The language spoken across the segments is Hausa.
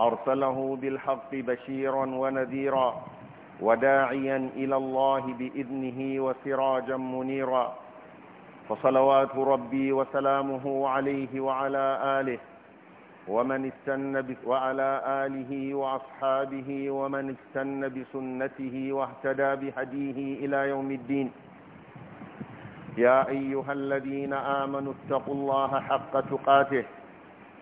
أرسله بالحق بشيرا ونذيرا وداعيا إلى الله بإذنه وسراجا منيرا فصلوات ربي وسلامه عليه وعلى آله ومن استن وعلى آله وأصحابه ومن استن بسنته واهتدى بهديه إلى يوم الدين يا أيها الذين آمنوا اتقوا الله حق تقاته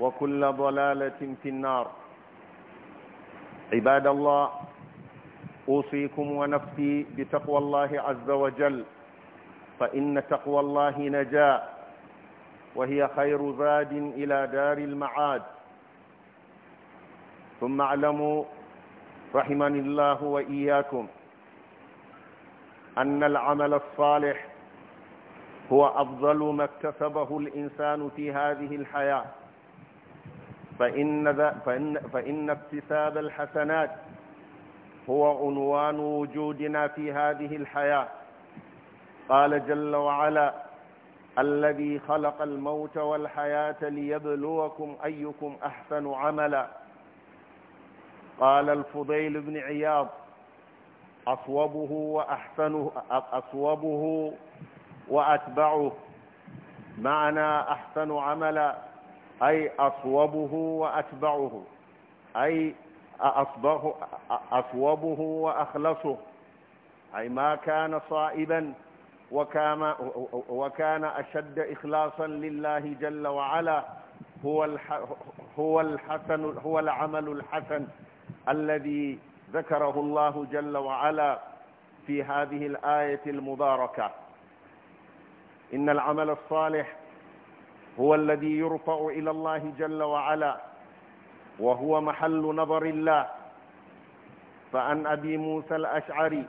وكل ضلالة في النار عباد الله أوصيكم ونفسي بتقوى الله عز وجل فإن تقوى الله نجاة وهي خير زاد إلى دار المعاد ثم اعلموا رحمني الله وإياكم أن العمل الصالح هو أفضل ما اكتسبه الإنسان في هذه الحياة فإن, فإن, فإن اكتساب الحسنات هو عنوان وجودنا في هذه الحياة قال جل وعلا الذي خلق الموت والحياة ليبلوكم أيكم أحسن عملا قال الفضيل بن عياض أصوبه وأحسنه أصوبه وأتبعه معنى أحسن عملا أي أصوبه وأتبعه أي أصوبه وأخلصه أي ما كان صائبا وكان, وكان أشد إخلاصا لله جل وعلا هو, هو, الحسن هو العمل الحسن الذي ذكره الله جل وعلا في هذه الآية المباركة إن العمل الصالح هو الذي يرفع إلى الله جل وعلا وهو محل نظر الله فعن أبي موسى الأشعري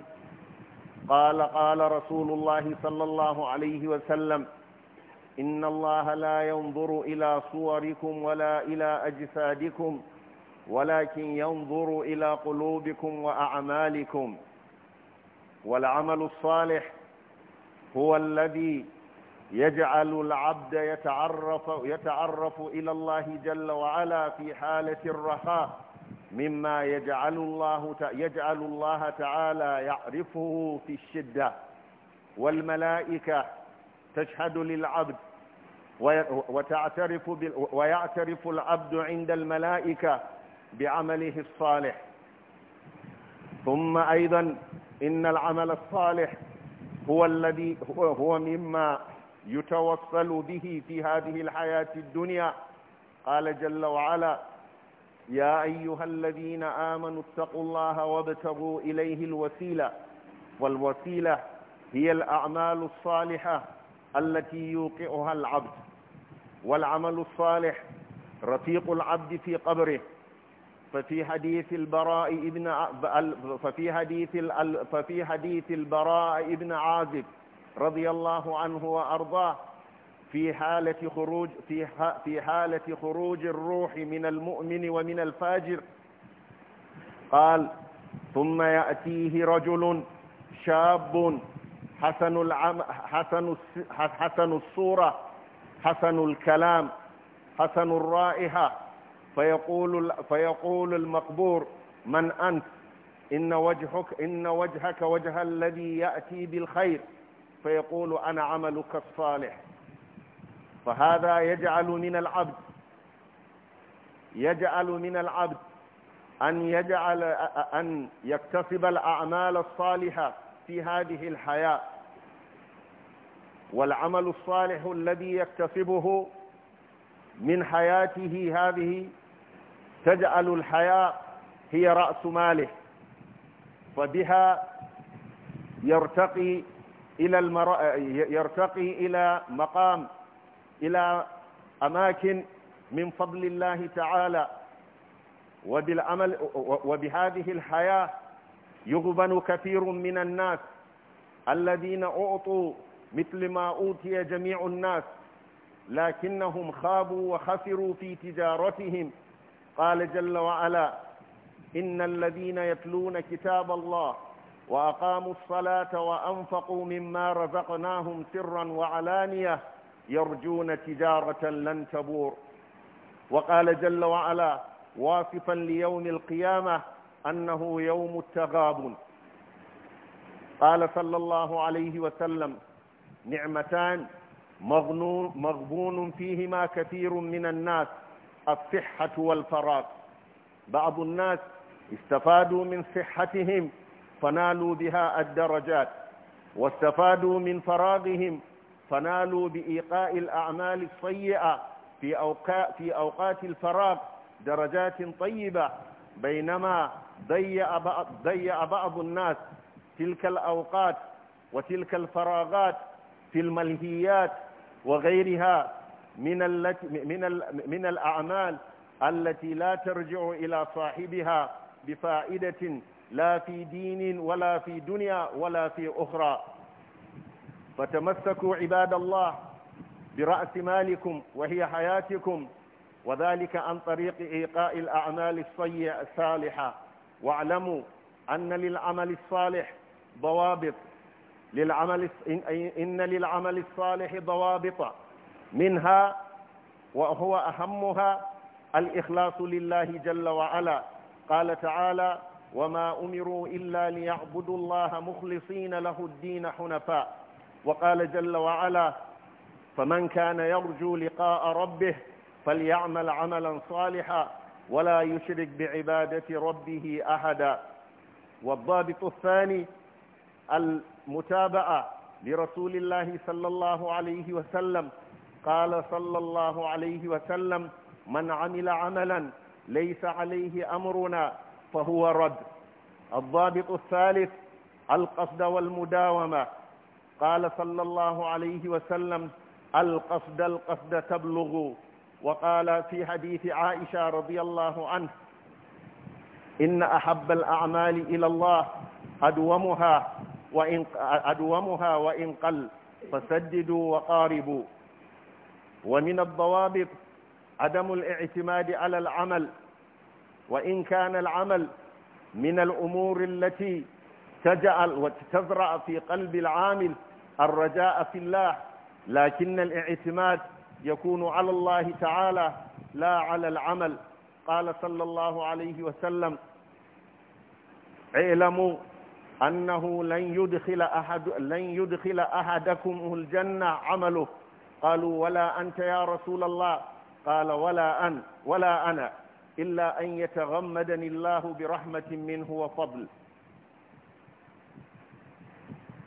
قال قال رسول الله صلى الله عليه وسلم إن الله لا ينظر إلى صوركم ولا إلى أجسادكم ولكن ينظر إلى قلوبكم وأعمالكم والعمل الصالح هو الذي يجعل العبد يتعرف, يتعرف إلى الله جل وعلا في حالة الرخاء مما يجعل الله, يجعل الله تعالى يعرفه في الشدة والملائكة تشهد للعبد وتعترف ويعترف العبد عند الملائكة بعمله الصالح ثم أيضا إن العمل الصالح هو الذي هو مما يتوصل به في هذه الحياة الدنيا قال جل وعلا يا أيها الذين آمنوا اتقوا الله وابتغوا إليه الوسيلة والوسيلة هي الأعمال الصالحة التي يوقعها العبد والعمل الصالح رفيق العبد في قبره ففي حديث البراء ابن ففي حديث ففي حديث البراء ابن عازب رضي الله عنه وأرضاه في حالة خروج في في حالة خروج الروح من المؤمن ومن الفاجر قال ثم يأتيه رجل شاب حسن العم حسن حسن الصورة حسن الكلام حسن الرائحة فيقول فيقول المقبور من أنت إن وجهك إن وجهك وجه الذي يأتي بالخير فيقول أنا عملك الصالح فهذا يجعل من العبد يجعل من العبد أن يجعل أن يكتسب الأعمال الصالحة في هذه الحياة والعمل الصالح الذي يكتسبه من حياته هذه تجعل الحياة هي رأس ماله فبها يرتقي إلى المر... يرتقي إلى مقام إلى أماكن من فضل الله تعالى وبالعمل وبهذه الحياة يغبن كثير من الناس الذين أعطوا مثل ما أوتي جميع الناس لكنهم خابوا وخسروا في تجارتهم قال جل وعلا إن الذين يتلون كتاب الله وأقاموا الصلاة وأنفقوا مما رزقناهم سرا وعلانية يرجون تجارة لن تبور وقال جل وعلا واصفا ليوم القيامة أنه يوم التغاب قال صلى الله عليه وسلم نعمتان مغبون فيهما كثير من الناس الصحة والفراغ بعض الناس استفادوا من صحتهم فنالوا بها الدرجات واستفادوا من فراغهم فنالوا بإيقاء الأعمال السيئة في, أوقا في أوقات الفراغ درجات طيبة بينما ضيع ضيع بعض الناس تلك الأوقات وتلك الفراغات في الملهيات وغيرها من, التي من, من الأعمال التي لا ترجع إلى صاحبها بفائدة لا في دين ولا في دنيا ولا في أخرى فتمسكوا عباد الله برأس مالكم وهي حياتكم وذلك عن طريق إيقاء الأعمال الصالحة واعلموا أن للعمل الصالح ضوابط للعمل إن للعمل الصالح ضوابط منها وهو أهمها الإخلاص لله جل وعلا قال تعالى وما أمروا إلا ليعبدوا الله مخلصين له الدين حنفاء وقال جل وعلا فمن كان يرجو لقاء ربه فليعمل عملا صالحا ولا يشرك بعبادة ربه أحدا والضابط الثاني المتابعة لرسول الله صلى الله عليه وسلم قال صلى الله عليه وسلم من عمل عملا ليس عليه أمرنا فهو رد الضابط الثالث القصد والمداومة قال صلى الله عليه وسلم القصد القصد تبلغ وقال في حديث عائشة رضي الله عنه إن أحب الأعمال إلى الله أدومها وإن, أدومها وإن قل فسددوا وقاربوا ومن الضوابط عدم الاعتماد على العمل وإن كان العمل من الأمور التي تجعل وتزرع في قلب العامل الرجاء في الله لكن الاعتماد يكون على الله تعالى لا على العمل قال صلى الله عليه وسلم اعلموا أنه لن يدخل, أحد لن يدخل أحدكم الجنة عمله قالوا ولا أنت يا رسول الله قال ولا أن ولا أنا إلا أن يتغمدني الله برحمة منه وفضل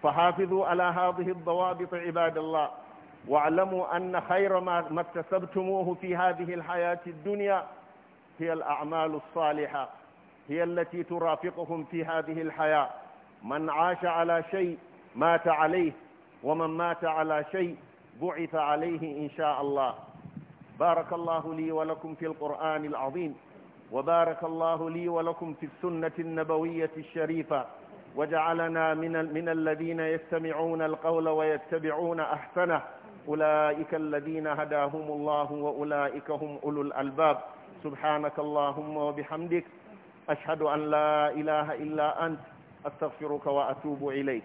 فحافظوا على هذه الضوابط عباد الله واعلموا أن خير ما اكتسبتموه في هذه الحياة الدنيا هي الأعمال الصالحة هي التي ترافقهم في هذه الحياة من عاش على شيء مات عليه ومن مات على شيء بعث عليه إن شاء الله بارك الله لي ولكم في القرآن العظيم وبارك الله لي ولكم في السنة النبوية الشريفة وجعلنا من, من الذين يستمعون القول ويتبعون أحسنه أولئك الذين هداهم الله وأولئك هم أولو الألباب سبحانك اللهم وبحمدك أشهد أن لا إله إلا أنت أستغفرك وأتوب إليك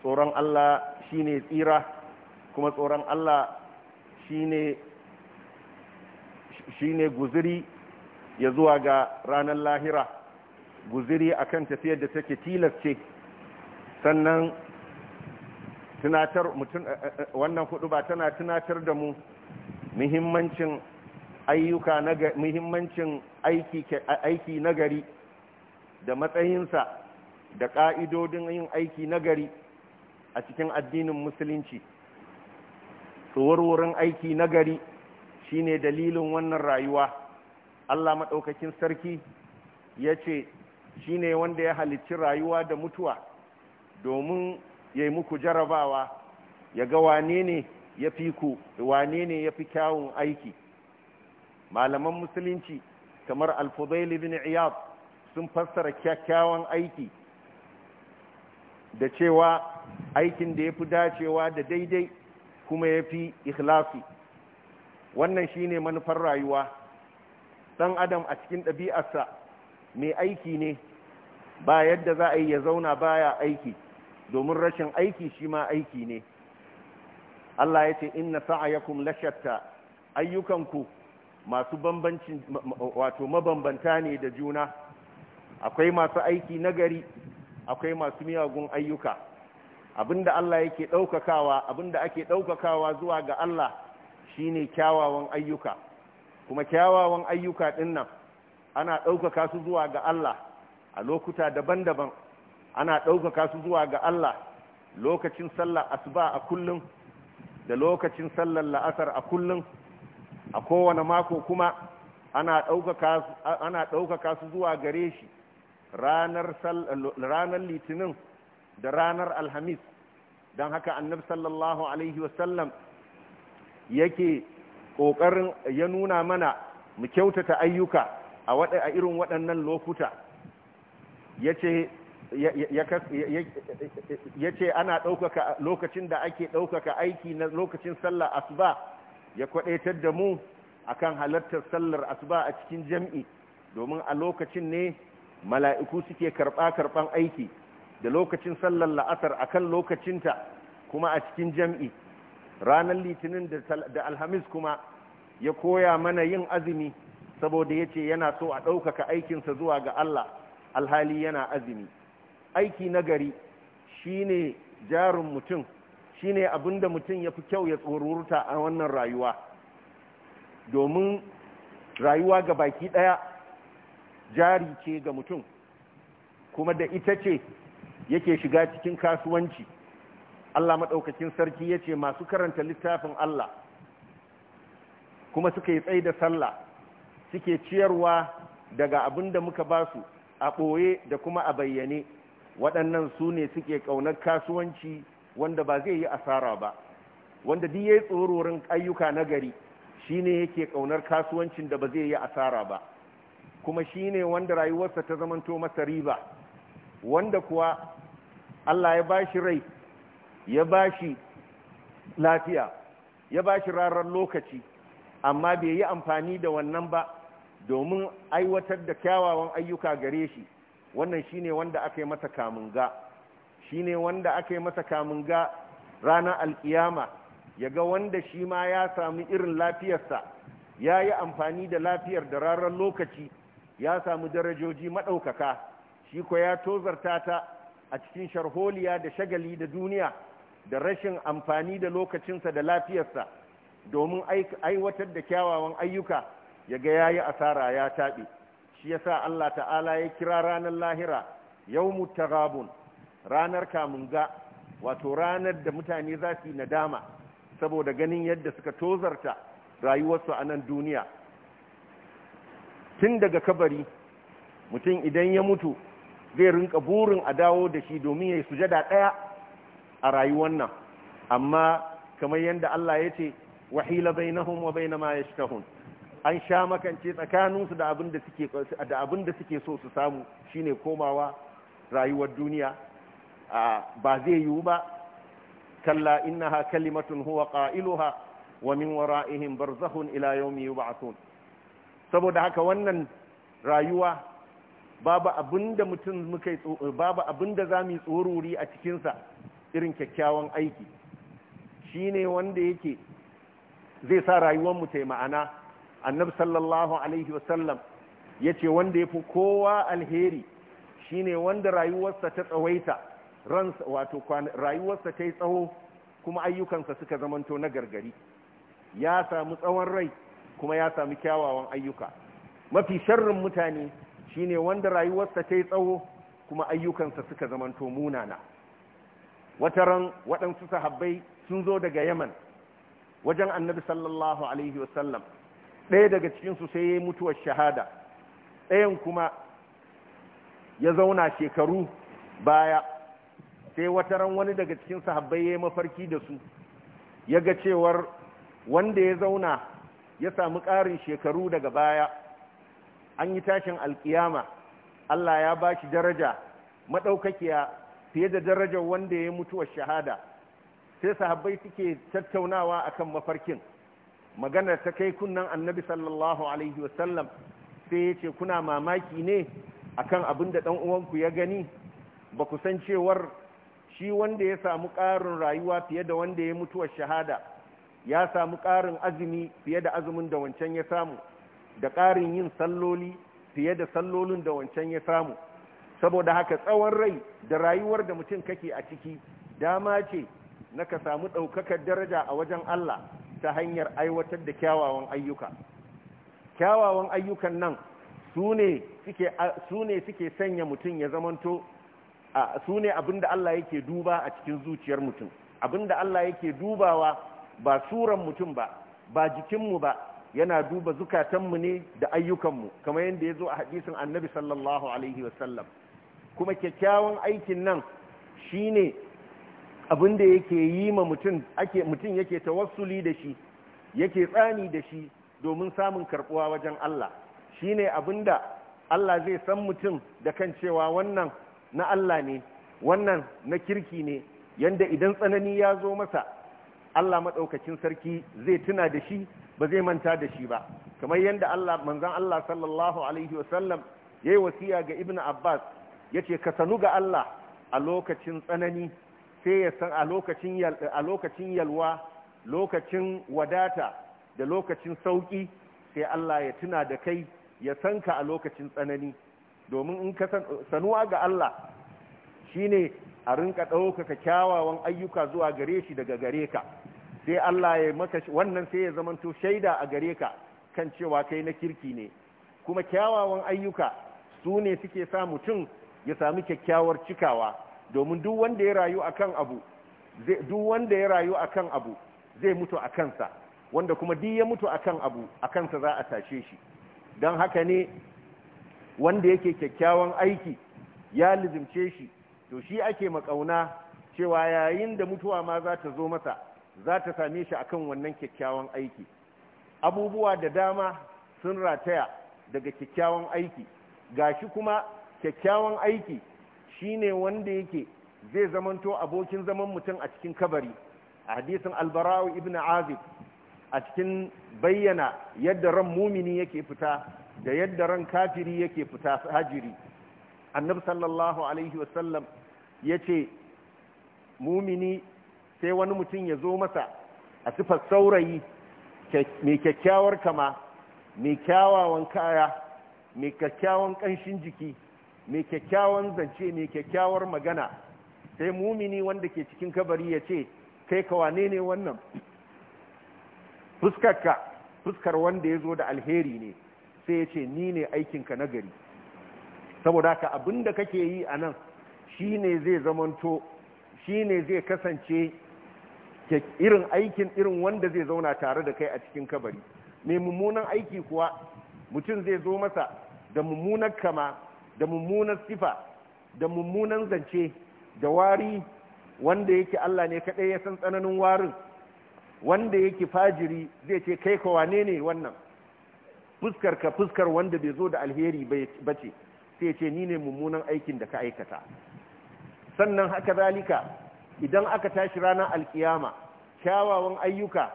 tsoron Allah ne tsira kuma tsoron Allah shine shine guziri ya zuwa ga ranar lahira guziri akan tafiyar da take tilas ce sannan tunatar eh, eh, eh, wannan hudu ba tana tunatar da mu muhimmancin ayyuka muhimmancin aiki aiki nagari da matsayinsa da ƙa'idodin yin aiki nagari a cikin addinin musulunci tsawarwarin aiki na gari shine dalilin wannan rayuwa Allah maɗaukakin sarki ya ce shi wanda ya halicci rayuwa da mutuwa domin ya muku jarabawa ya ga wane ne ya fi ku wane ne ya fi kyawun aiki malaman musulunci kamar alfudail ibn iyab sun fassara kyakkyawan aiki da cewa aikin da ya fi dacewa da daidai kuma ya fi ikhlasi wannan shi ne manufar rayuwa ɗan adam a cikin ɗabi'arsa mai aiki ne ba yadda za a yi ya zauna baya aiki domin rashin aiki shi ma aiki ne Allah ya ce inna sa'ayakum lashatta ayyukanku masu bambancin, wato mabambanta ne da juna akwai masu aiki nagari akwai masu miyagun ayyuka abinda Allah yake ɗaukakawa abinda ake ɗaukakawa zuwa ga Allah shine kyawawan ayyuka kuma kyawawan ayyuka din nan ana daukaka su zuwa ga Allah a lokuta daban-daban ana daukaka su zuwa ga Allah lokacin sallar asuba a kullum da lokacin sallar la'asar a kullum a kowane mako kuma ana daukaka su zuwa gare shi ranar litinin da ranar alhamis don haka annabi sallallahu alaihi wasallam yake ƙoƙarin ya nuna mana mu kyautata ayyuka a irin waɗannan lokuta ya ce ana ɗaukaka lokacin da ake ɗaukaka aiki na lokacin sallar asuba ya kwaɗaitar da mu akan halartar sallar asuba a cikin jam'i domin a lokacin ne mala'iku suke karɓa-karɓan aiki da lokacin sallar la'asar a kan lokacinta kuma a cikin jam'i ranar litinin da alhamis kuma ya koya mana yin azumi saboda ya ce yana so a ɗaukaka aikinsa zuwa ga Allah alhali yana azumi aiki nagari shi ne jarin mutum shi ne abinda mutum ya fi kyau ya tsoruruta a wannan rayuwa domin rayuwa ga baki ɗaya jari ce ga mutum kuma da ita ce yake shiga cikin kasuwanci Allah maɗaukakin sarki ya ce masu karanta littafin Allah kuma suka yi tsaye da sallah suke ciyarwa daga abin da muka ba su a ɓoye da kuma a bayyane waɗannan su ne suke ƙaunar kasuwanci wanda ba zai yi asara ba wanda duk ya yi tsororin ayyuka na gari shi ne yake ƙaunar kasuwancin da ba zai yi asara ba kuma shi ne wanda rayuwarsa ta zamanto masa riba wanda kuwa Allah ya bashi rai ya bashi lafiya ya bashi rarar lokaci amma bai yi amfani da wannan ba domin aiwatar da kyawawan ayyuka gare shi wannan shine wanda aka yi masa ga shine wanda aka yi masa ga ranar alkiyama ya ga wanda shi ma ya sami irin lafiyarsa ya yi amfani da lafiyar da rarar lokaci ya samu darajoji maɗaukaka shi ko ya tozarta ta a cikin sharholiya da shagali da duniya da rashin amfani da lokacinsa da lafiyarsa domin aiwatar da kyawawan ayyuka ya ga ya yi asara ya taɓe shi ya sa Allah ta'ala ya kira ranar lahira yau mutagabun ranar kamunga wato ranar da mutane za su yi nadama saboda ganin yadda suka tozarta rayuwarsu a nan duniya tun daga kabari mutum idan ya mutu zai rinka burin a dawo da shi domin ya yi sujada ɗaya a rayuwan nan amma kamar yadda Allah ya ce wahila hun wa na ma hun an sha makance tsakaninsu da abin da suke so su samu shine komawa rayuwar duniya ba zai yiwu ba kalla ha kalimatun huwa qailuha wa min bar Zahun ila yawmi yub'athun saboda haka wannan rayuwa babu abinda mutum muka eh, babu abinda yi tsorori a cikinsa irin kyakkyawan aiki Shi ne wanda yake zai sa rayuwarmu mu ta ma'ana annabi sallallahu alaihi wasallam ce wanda yafi kowa alheri Shi ne wanda rayuwarsa ta tsawaita ransa wato rayuwarsa ta yi tsawo kuma ayyukansa suka zamanto na gargari ya samu tsawon rai kuma ya samu kyawawan ayyuka mafi sharrin mutane Shi ne wanda rayuwarsa ta yi tsawo kuma ayyukansa suka zamanto munana Wata ran waɗansu sahabbai sun zo daga yaman wajen annabi sallallahu alaihi wasallam ɗaya daga cikinsu sai ya yi mutuwar shahada ɗayan kuma ya zauna shekaru baya sai wata ran wani daga cikin sahabbai ya yi mafarki da su ya ga cewar wanda ya zauna ya sami ƙarin shekaru daga baya an yi tashin alkiyama Allah ya ba shi daraja maɗaukakiya fiye da darajar wanda ya mutuwar shahada sai sahabbai suke tattaunawa akan mafarkin magana ta kai kunnan annabi sallallahu alaihi wasallam sai ya ce kuna mamaki ne akan abin da uwanku ya gani ba ku san cewar shi wanda ya samu ƙarin rayuwa fiye da wanda ya mutuwar shahada ya samu ƙarin azumi fiye da azumin da wancan ya samu da ƙarin yin salloli fiye da sallolin da wancan ya samu saboda haka tsawon rai da rayuwar da mutum kake a ciki dama ce na ka samu ɗaukakar daraja a wajen Allah ta hanyar aiwatar da kyawawan ayyuka kyawawan ayyukan nan su ne suke sanya mutum ya zamanto su ne abinda Allah yake duba a cikin zuciyar mutum abinda Allah yake dubawa ba suran mutum ba ba jikinmu ba yana duba zukatanmu ne da ayyukanmu kamar yadda ya zo a hadisin annabi sallallahu alaihi wasallam kuma kyakkyawan aikin nan shi abin da yake yi ma mutum ake mutum yake tawassuli da shi yake tsani da shi domin samun karbuwa wajen Allah shine abin da Allah zai san mutum da kan cewa wannan na Allah ne wannan na kirki ne yanda idan tsanani ya zo masa Allah maɗaukacin sarki zai tuna da shi ba zai manta da shi ba kamar yadda Allah manzon Allah sallallahu alaihi wasallam yayi wasiya ga Ibn Abbas yace ka sanu ga Allah a lokacin tsanani sai ya san a lokacin a lokacin yalwa lokacin wadata da lokacin sauki sai Allah ya tuna da kai ya san ka a lokacin tsanani domin in ka sanuwa ga Allah shine a rinka ɗaukaka kyawawan ayyuka zuwa gare shi daga gare ka sai Allah ya maka wannan sai ya zamanto shaida a gare ka kan cewa kai na kirki ne kuma kyawawan ayyuka su ne suke sa mutum ya sami kyakkyawar cikawa domin duk wanda ya rayu akan abu duk wanda ya rayu akan abu zai mutu a kansa wanda kuma duk ya mutu akan abu a kansa za a tashe shi don haka ne wanda yake kyakkyawan aiki ya lizimce shi to shi ake makauna cewa yayin da mutuwa ma za ta zo masa za ta same shi akan wannan kyakkyawan aiki abubuwa da dama sun rataya daga kyakkyawan aiki Ga shi kuma kyakkyawan aiki shine wanda yake zai zamanto abokin zaman mutum a cikin kabari a hadisin albarawu ibn azib a cikin bayyana yadda ran mumini yake fita da yadda ran kafiri yake fita hajiri annabi sallallahu alaihi wasallam ya mumini sai wani mutum ya zo masa a sifar saurayi mai kyakkyawar kama mai kyawawan kaya mai kyakkyawan ƙanshin jiki mai kyakkyawan zance mai kyakkyawar magana sai mumini wanda ke cikin kabari ya ce kai kawane ne wannan fuskarka fuskar wanda ya zo da alheri ne sai ya ce ni ne aikinka nagari saboda ka abin da kake yi a nan shi ne zai zamanto shi ne zai kasance irin aikin irin wanda zai zauna tare da kai a cikin kabari mai mummunan aiki kuwa mutum zai zo masa da mummunan kama da mummunan sifa da mummunan zance da wari wanda yake Allah ne kaɗai ya san tsananin warin wanda yake fajiri zai ce kai ka wane ne wannan fuskar ka fuskar wanda bai zo da alheri ba ce sai ce ni ne mummunan aikin da ka aikata sannan haka zalika idan aka tashi ranar alkiyama kyawawan ayyuka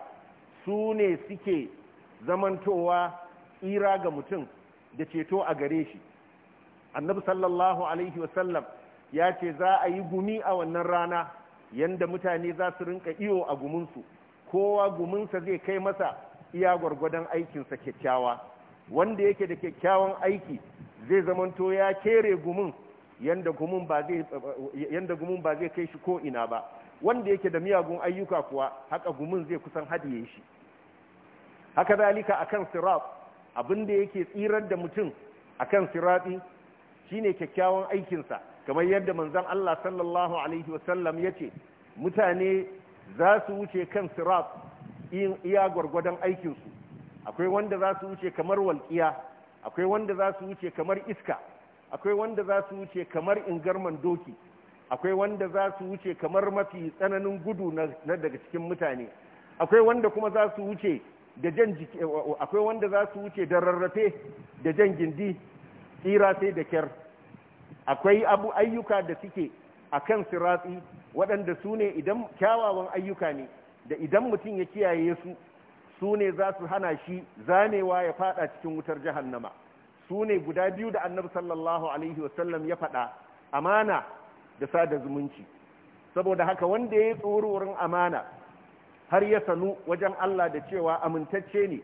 su ne suke zamantowa tsira ga mutum da ceto a gare shi annabi sallallahu alaihi wasallam ya ce za a yi gumi a wannan rana yadda mutane za su rinka iyo a guminsu kowa guminsa zai kai masa iya gwargwadon aikinsa kyakkyawa wanda yake da kyakkyawan aiki zai zamanto ya kere gumin yadda gumin ba zai kai shi ko ina ba wanda yake da miyagun ayyuka kuwa haka gumin zai kusan hadiye shi haka zalika akan sirat abinda yake tsirar da mutum akan sirati shine kyakkyawan aikinsa kamar yadda manzan Allah sallallahu alaihi wasallam ya ce mutane za su wuce kan sirat iya gwargwadon aikinsu akwai wanda za su wuce kamar walƙiya akwai wanda za su wuce kamar iska akwai wanda za su wuce kamar ingarman doki akwai wanda za su wuce kamar mafi tsananin gudu na daga cikin mutane akwai wanda kuma za su wuce da jan jiki akwai wanda za su wuce da rarrafe da jan gindi tsira sai da kyar akwai abu ayyuka da suke a kan siratsi waɗanda su ne idan kyawawan ayyuka ne da idan mutum ya kiyaye su su ne za su hana shi zanewa ya fada cikin wutar jahannama su ne guda biyu da annabi sallallahu alaihi wasallam ya faɗa amana da sada zumunci saboda haka wanda ya yi tsoron amana har ya sanu wajen Allah da cewa amintacce ne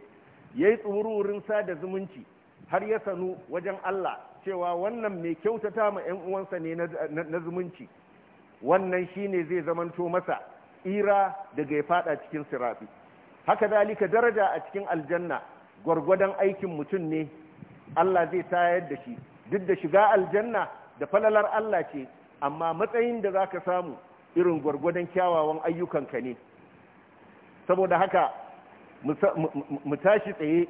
ya yi tsoron sada zumunci har ya sanu wajen Allah cewa wannan mai kyautata ma 'yan uwansa ne na zumunci wannan shine zai zamanto masa ira daga ya fada cikin sirafi haka zalika daraja a cikin aljanna gwargwadon aikin mutum ne Allah zai tayar da shi duk da shiga aljanna da falalar Allah ce amma matsayin da za ka samu irin gwargwadon kyawawan ayyukanka ne saboda haka mu tashi tsaye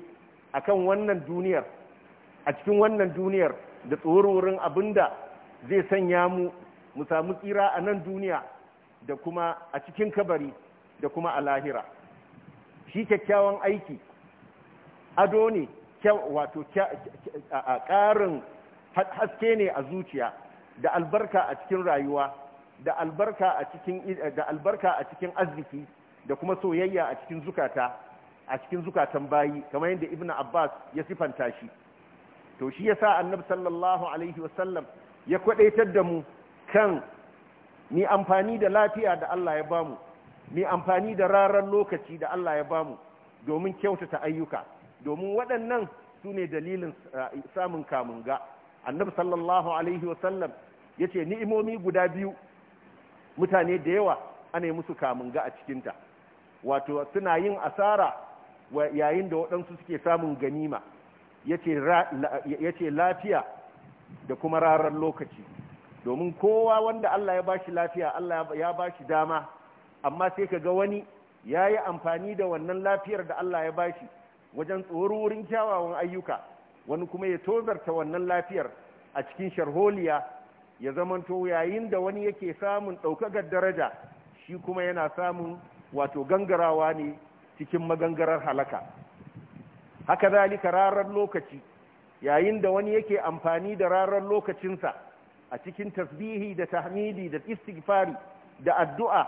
a kan wannan duniyar a cikin wannan duniyar da tsororin abinda zai sanya mu mu samu tsira a nan duniya da kuma a cikin kabari da kuma a lahira shi kyakkyawan aiki ado ne wato ƙarin haske ne a zuciya da albarka a cikin rayuwa da albarka a cikin da albarka a cikin arziki da kuma soyayya a cikin zukata a cikin zukatan bayi kamar yadda ibnu abbas ya sifanta shi to shi yasa annabi sallallahu alaihi wasallam ya kwadaitar da mu kan ni amfani da lafiya da Allah ya bamu ni amfani da rarar lokaci da Allah ya bamu domin kyautata ayyuka domin waɗannan su ne dalilin eh, samun kamun ga annabi sallallahu alaihi wasallam ya ce ni'imomi guda biyu mutane da yawa ana yi musu kamun ga a cikinta wato suna yin asara yayin da waɗansu suke samun ganima ya ce lafiya da kuma rarar lokaci domin kowa wanda Allah ya bashi lafiya Allah ya bashi dama amma sai ka ga wani ya yi amfani da wannan lafiyar da Allah ya bashi wajen tsororin kyawawan ayyuka wani kuma ya tozarta wannan lafiyar a cikin sharholiya ya zamanto yayin da wani yake samun ɗaukakar daraja shi kuma yana samun wato gangarawa ne cikin magangarar halaka haka zalika rarar lokaci yayin da wani yake amfani da rarar lokacinsa a cikin tasbihi da tahmidi da istighfari da addu'a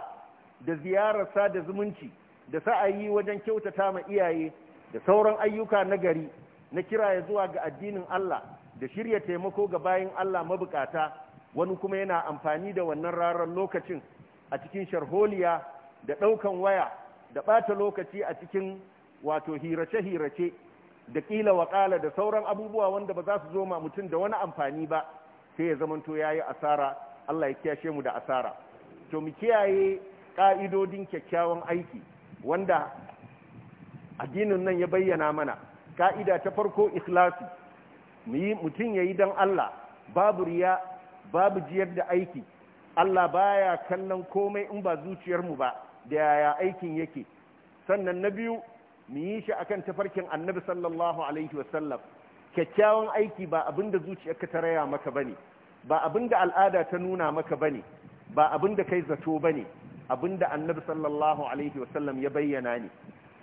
da ziyarar sada zumunci da sa'ayi wajen kyautata ma iyaye da sauran ayyuka na gari na kiraye zuwa ga addinin Allah da shirya taimako ga bayin Allah mabukata wani kuma yana amfani da wannan rarar lokacin a cikin sharholiya da ɗaukan waya da ɓata lokaci a cikin wato hirace-hirace da ƙila waƙala da sauran abubuwa wanda ba za su zo ma mutum da wani amfani ba sai ya zamanto ya yi asara Allah ya kiyashe mu da asara to mu kiyaye ƙa'idodin kyakkyawan aiki wanda addinin nan ya bayyana mana ka'ida ta farko ikhlasi mutum ya yi don Allah babu riya babu jiyar da aiki Allah baya kallon komai in ba zuciyarmu ba da yaya aikin yake sannan na biyu mu yi shi akan tafarkin annabi sallallahu alaihi wasallam kyakkyawan aiki ba abin da zuciyarka ta raya maka bane ba abin da al'ada ta nuna maka bane ba abin da kai zato bane abin da annabi sallallahu alaihi wasallam ya bayyana ne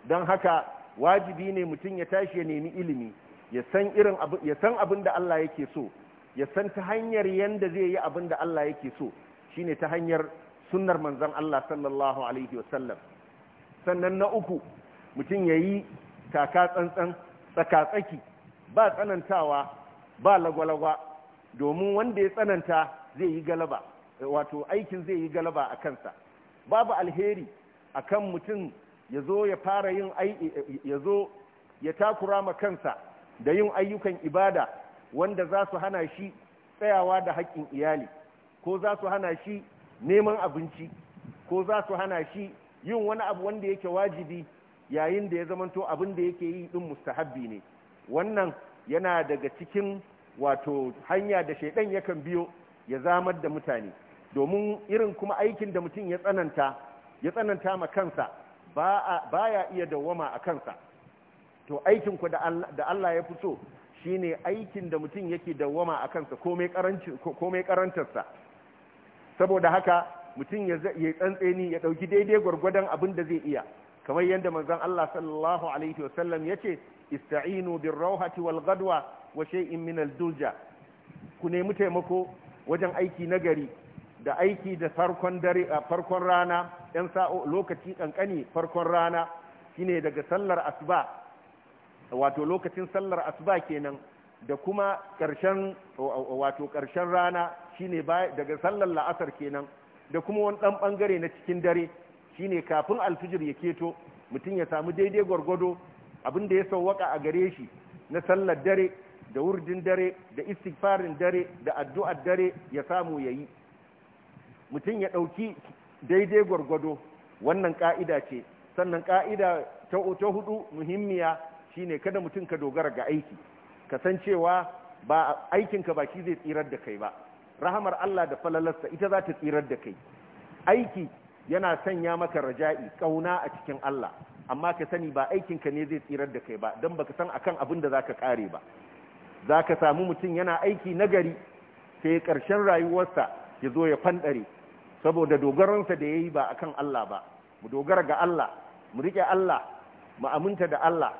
don haka wajibi ne mutum ya tashi ya nemi ilimi ya san irin ya san abin da Allah yake so ya san ta hanyar yanda zai yi abin da Allah yake so shine ta hanyar sunnar manzon Allah sallallahu alaihi wasallam sannan na uku mutum ya yi taka tsantsan tsaki ba tsanantawa ba lagwalagwa domin wanda ya tsananta zai yi galaba wato aikin zai yi galaba a kansa babu alheri akan mutum ya zo ya fara yin ya zo ya takura ma kansa da yin ayyukan ibada wanda za su hana shi tsayawa da haƙƙin iyali ko za su hana shi neman abinci ko za su hana shi yin wani abu wanda yake wajibi yayin da ya zamanto abin da yake yi din mustahabbi ne wannan yana daga cikin wato hanya da shaidan yakan biyo ya zamar da mutane domin irin kuma aikin da mutum ya tsananta ya tsananta ma kansa ba ya iya dawwama a kansa to aikin ku da Allah ya fi so shine aikin da mutum yake dawwama a kansa komai karantarsa saboda haka mutum ya tsantseni ya ɗauki daidai gwargwadon abin da zai iya kamar yadda manzon Allah sallallahu alaihi wasallam ya ce ista'inu bin rauhati wal gadwa wa shay'in min al ku nemi taimako wajen aiki nagari da aiki da farkon dare farkon rana yan sa'o lokaci kankani farkon rana shine daga sallar asuba wato lokacin sallar asuba kenan da kuma karshen wato ƙarshen rana shine daga sallar la'asar kenan da kuma wani ɗan ɓangare na cikin dare shine kafin alfijir ya keto mutum ya samu daidai gwargwado abin da ya sauwaka a gare shi na sallar dare da wurdin dare da istighfarin dare da addu'ar dare ya samu ya yi. mutum ya ɗauki daidai gwargwado wannan ka'ida ce sannan ka'ida ta hudu muhimmiya shine kada mutum ka dogara ga aiki kasancewa ba aikinka ba shi zai tsirar da kai ba rahamar Allah da falalarsa ita za ta tsirar da kai aiki yana sanya maka raja'i kauna a cikin Allah amma ka sani ba aikinka ne zai tsirar da kai ba don baka san akan abin da zaka kare ba zaka samu mutum yana aiki nagari sai karshen rayuwarsa ya zo ya fandare saboda dogaransa da yayi ba akan Allah ba mu dogara ga Allah mu rike Allah mu aminta da Allah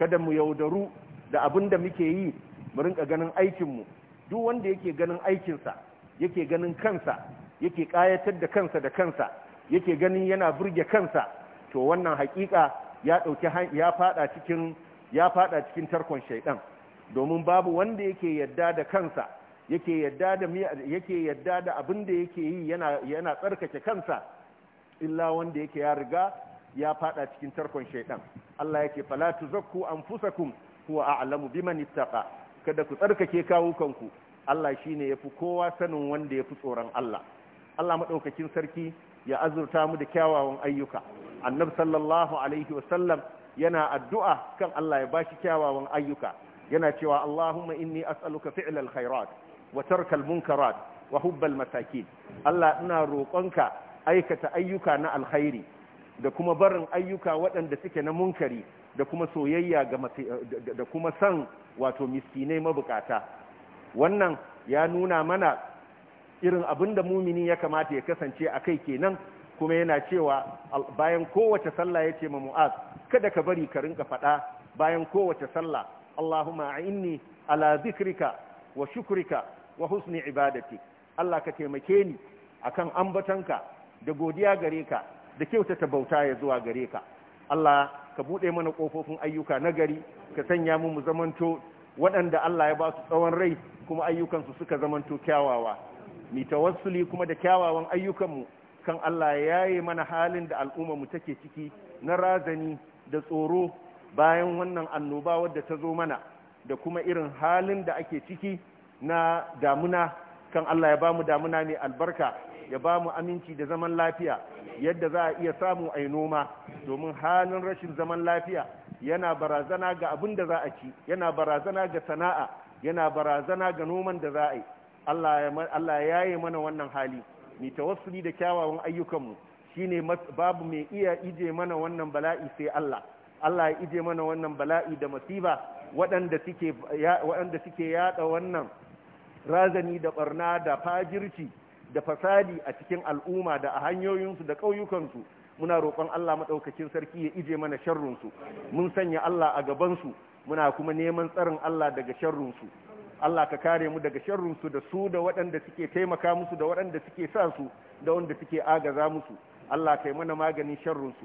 kada mu yaudaru da abin da muke yi mu rinƙa ganin aikinmu duk wanda yake ganin aikinsa yake ganin kansa yake ƙayatar da kansa da kansa yake ganin yana burge kansa to wannan haƙiƙa ya dauki ya fada cikin ya fada cikin tarkon shaidan domin babu wanda yake yadda da kansa yake yadda da yake da abin da yake yi yana yana tsarkake kansa illa wanda yake ya riga ya fada cikin tarkon shaydan Allah yake fala tuzakku anfusakum huwa a'lamu biman ittaqa kada ku tsarkake kawo kanku Allah shine yafi kowa sanin wanda yafi tsoron Allah Allah madaukakin sarki ya azurta mu da kyawawan ayyuka annabi sallallahu alaihi wasallam yana addu'a kan Allah ya bashi kyawawan ayyuka yana cewa Allahumma inni as'aluka fi'lal khairat wa tarkal munkarat wa hubbal masakin Allah ina roƙonka aikata ayyuka na alkhairi da kuma barin ayyuka waɗanda suke na munkari da kuma soyayya ga da kuma san wato miskinai mabukata wannan ya nuna mana irin abinda da mumini ya kamata ya kasance a kai kenan kuma yana cewa bayan kowace sallah ya ce ma mu'az kada ka bari ka rinka faɗa bayan kowace sallah Allahumma inni ala zikrika wa shukurika wa husni ibadati Allah ka taimake ni akan ambatanka da godiya gare ka da kyautata bauta ya zuwa gare ka Allah ka bude mana kofofin ayyuka na gari ka sanya mu mu zamanto waɗanda Allah ya ba su tsawon rai kuma ayyukansu suka zamanto kyawawa mi tawassuli kuma da kyawawan ayyukan mu kan Allah ya yaye mana halin da al'umma mu take ciki na razani da tsoro bayan wannan annoba wadda ta zo mana da kuma irin halin da ake ciki na damuna kan Allah ya bamu damuna mai albarka ya ba mu aminci da zaman lafiya yadda za a iya samu a yi noma domin halin rashin zaman lafiya yana barazana ga abin da za a ci yana barazana ga sana'a yana barazana ga noman da za a yi Allah ya yi mana wannan hali mai tawassuli da kyawawan ayyukanmu shine babu mai iya ije mana wannan bala'i sai Allah Allah ya ije mana wannan bala'i da masiba waɗanda suke waɗanda yada wannan razani da barna da fajirci da fasadi a cikin al'umma da a hanyoyinsu da ƙauyukansu muna roƙon Allah maɗaukakin sarki ya ije mana sharrunsu mun sanya Allah a gabansu muna kuma neman tsarin Allah daga sharrunsu Allah ka kare mu daga sharrunsu da su da waɗanda suke taimaka musu da waɗanda suke sa su da wanda suke agaza musu Allah kai mana maganin sharrunsu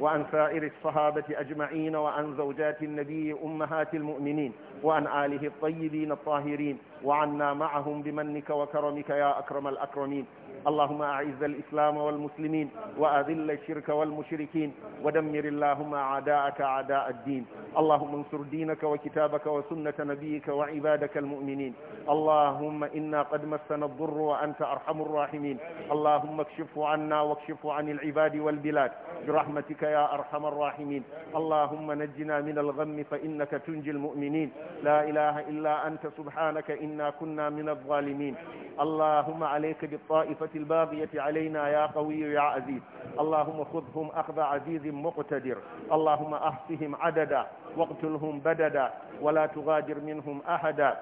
وعن سائر الصحابة أجمعين وعن زوجات النبي أمهات المؤمنين وعن آله الطيبين الطاهرين وعنا معهم بمنك وكرمك يا أكرم الأكرمين اللهم أعز الإسلام والمسلمين وأذل الشرك والمشركين ودمر اللهم أعداءك أعداء الدين اللهم انصر دينك وكتابك وسنة نبيك وعبادك المؤمنين اللهم إنا قد مسنا الضر وأنت أرحم الراحمين اللهم اكشف عنا واكشف عن العباد والبلاد برحمتك يا أرحم الراحمين اللهم نجنا من الغم فإنك تنجي المؤمنين لا إله إلا أنت سبحانك إنا كنا من الظالمين اللهم عليك بالطائفة الباغية علينا يا قوي يا عزيز اللهم خذهم أخذ عزيز مقتدر اللهم أحصهم عددا واقتلهم بددا ولا تغادر منهم أحدا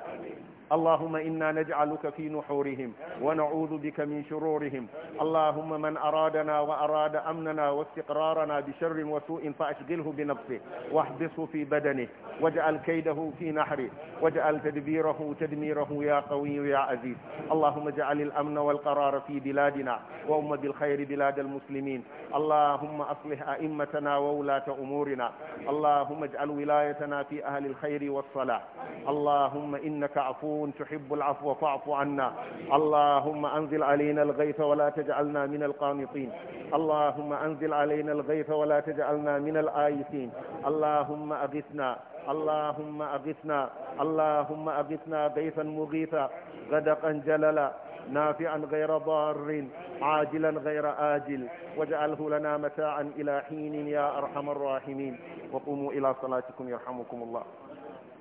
اللهم إنا نجعلك في نحورهم ونعوذ بك من شرورهم اللهم من أرادنا وأراد أمننا واستقرارنا بشر وسوء فأشغله بنفسه واحبسه في بدنه واجعل كيده في نحره واجعل تدبيره تدميره يا قوي يا عزيز اللهم اجعل الأمن والقرار في بلادنا وأم بالخير بلاد المسلمين اللهم أصلح أئمتنا وولاة أمورنا اللهم اجعل ولايتنا في أهل الخير والصلاح اللهم إنك عفو تحب العفو فاعف عنا اللهم أنزل علينا الغيث ولا تجعلنا من القانطين اللهم أنزل علينا الغيث ولا تجعلنا من الآيسين اللهم أغثنا اللهم أغثنا اللهم أغثنا غيثا مغيثا غدقا جللا نافعا غير ضار عاجلا غير آجل واجعله لنا متاعا إلى حين يا أرحم الراحمين وقوموا إلى صلاتكم يرحمكم الله